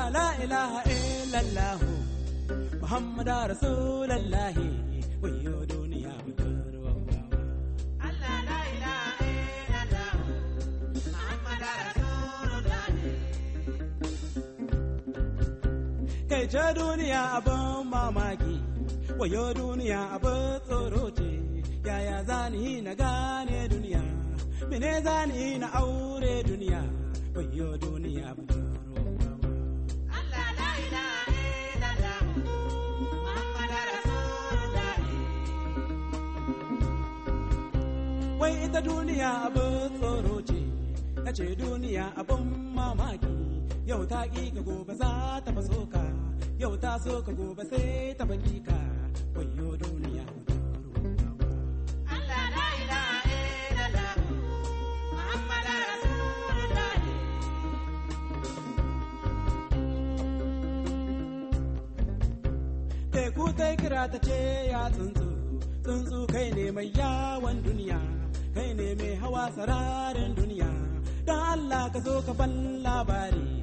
shahada la ilaha illallah Muhammadu Rasulullah wayo duniya budurwa ce duniya abin mamaki wayo duniya abin tsoro ce yaya zani na gane duniya mene zani na aure duniya wayo duniya wai ita duniya abu tsoro ce ta ce duniya abun mamaki yau ta ƙi ka gobe za ta faso ka yau ta so ka gobe sai ta banki ka wayo duniya Teku ta kira ta ce ya tsuntsu, tsuntsu kai ne mai yawon duniya. kai ne mai hawa sararin duniya da Allah ka zo ka ban labari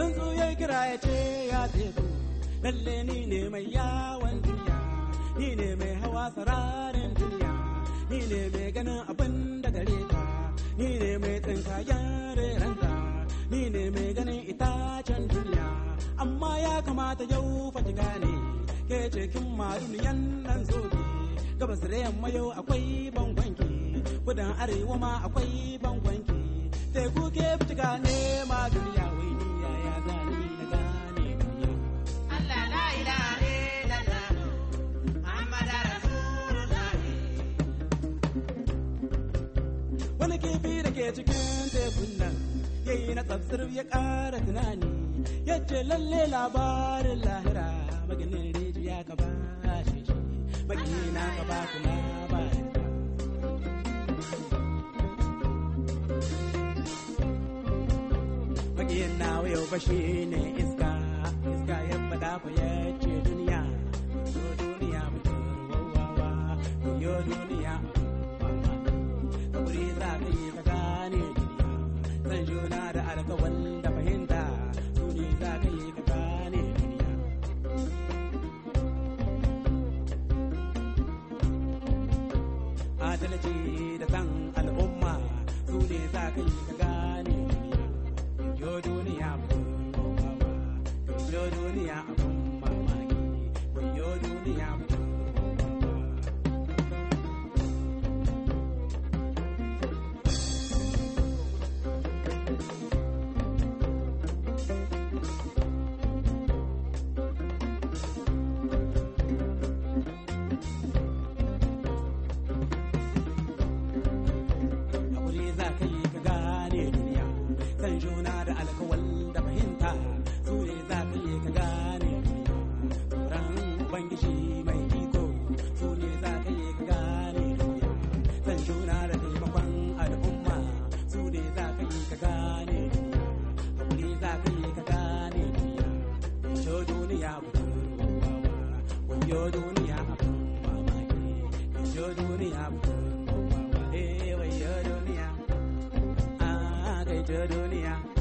tunzu ya kira ya ce ya teku lalle ni ne mai yawon duniya ni ne mai hawa sararin duniya ni ne mai ganin abin da gare ka ni ne mai tsinka yare ranta? ni ne mai ganin itacen duniya amma ya kamata yau fati gane ke cikin maruniyan nan zobe gabas da yamma yau akwai bangwanki kudan arewa ma akwai bangwanki teku ke fiti ne ma duniya wani kifi da ke cikin tekun nan ya yi na tsabtsir ya ƙara tunani ya ce lalle labarin lahira maganin rijiya ka ba shi shi magina ka ba kuma ba Magiyin na yau ba shi ne iska iska ya fada fa ya ce duniya duniya mutum wawawa duniya na da alkawan da fahimta su ne za ka yi ka gane duniya. Adalci da san al'umma su ne za ka yi ka gane duniya. Yo duniya abun kowa ba, yo duniya abun mamaki, yo duniya abun yo duniya abun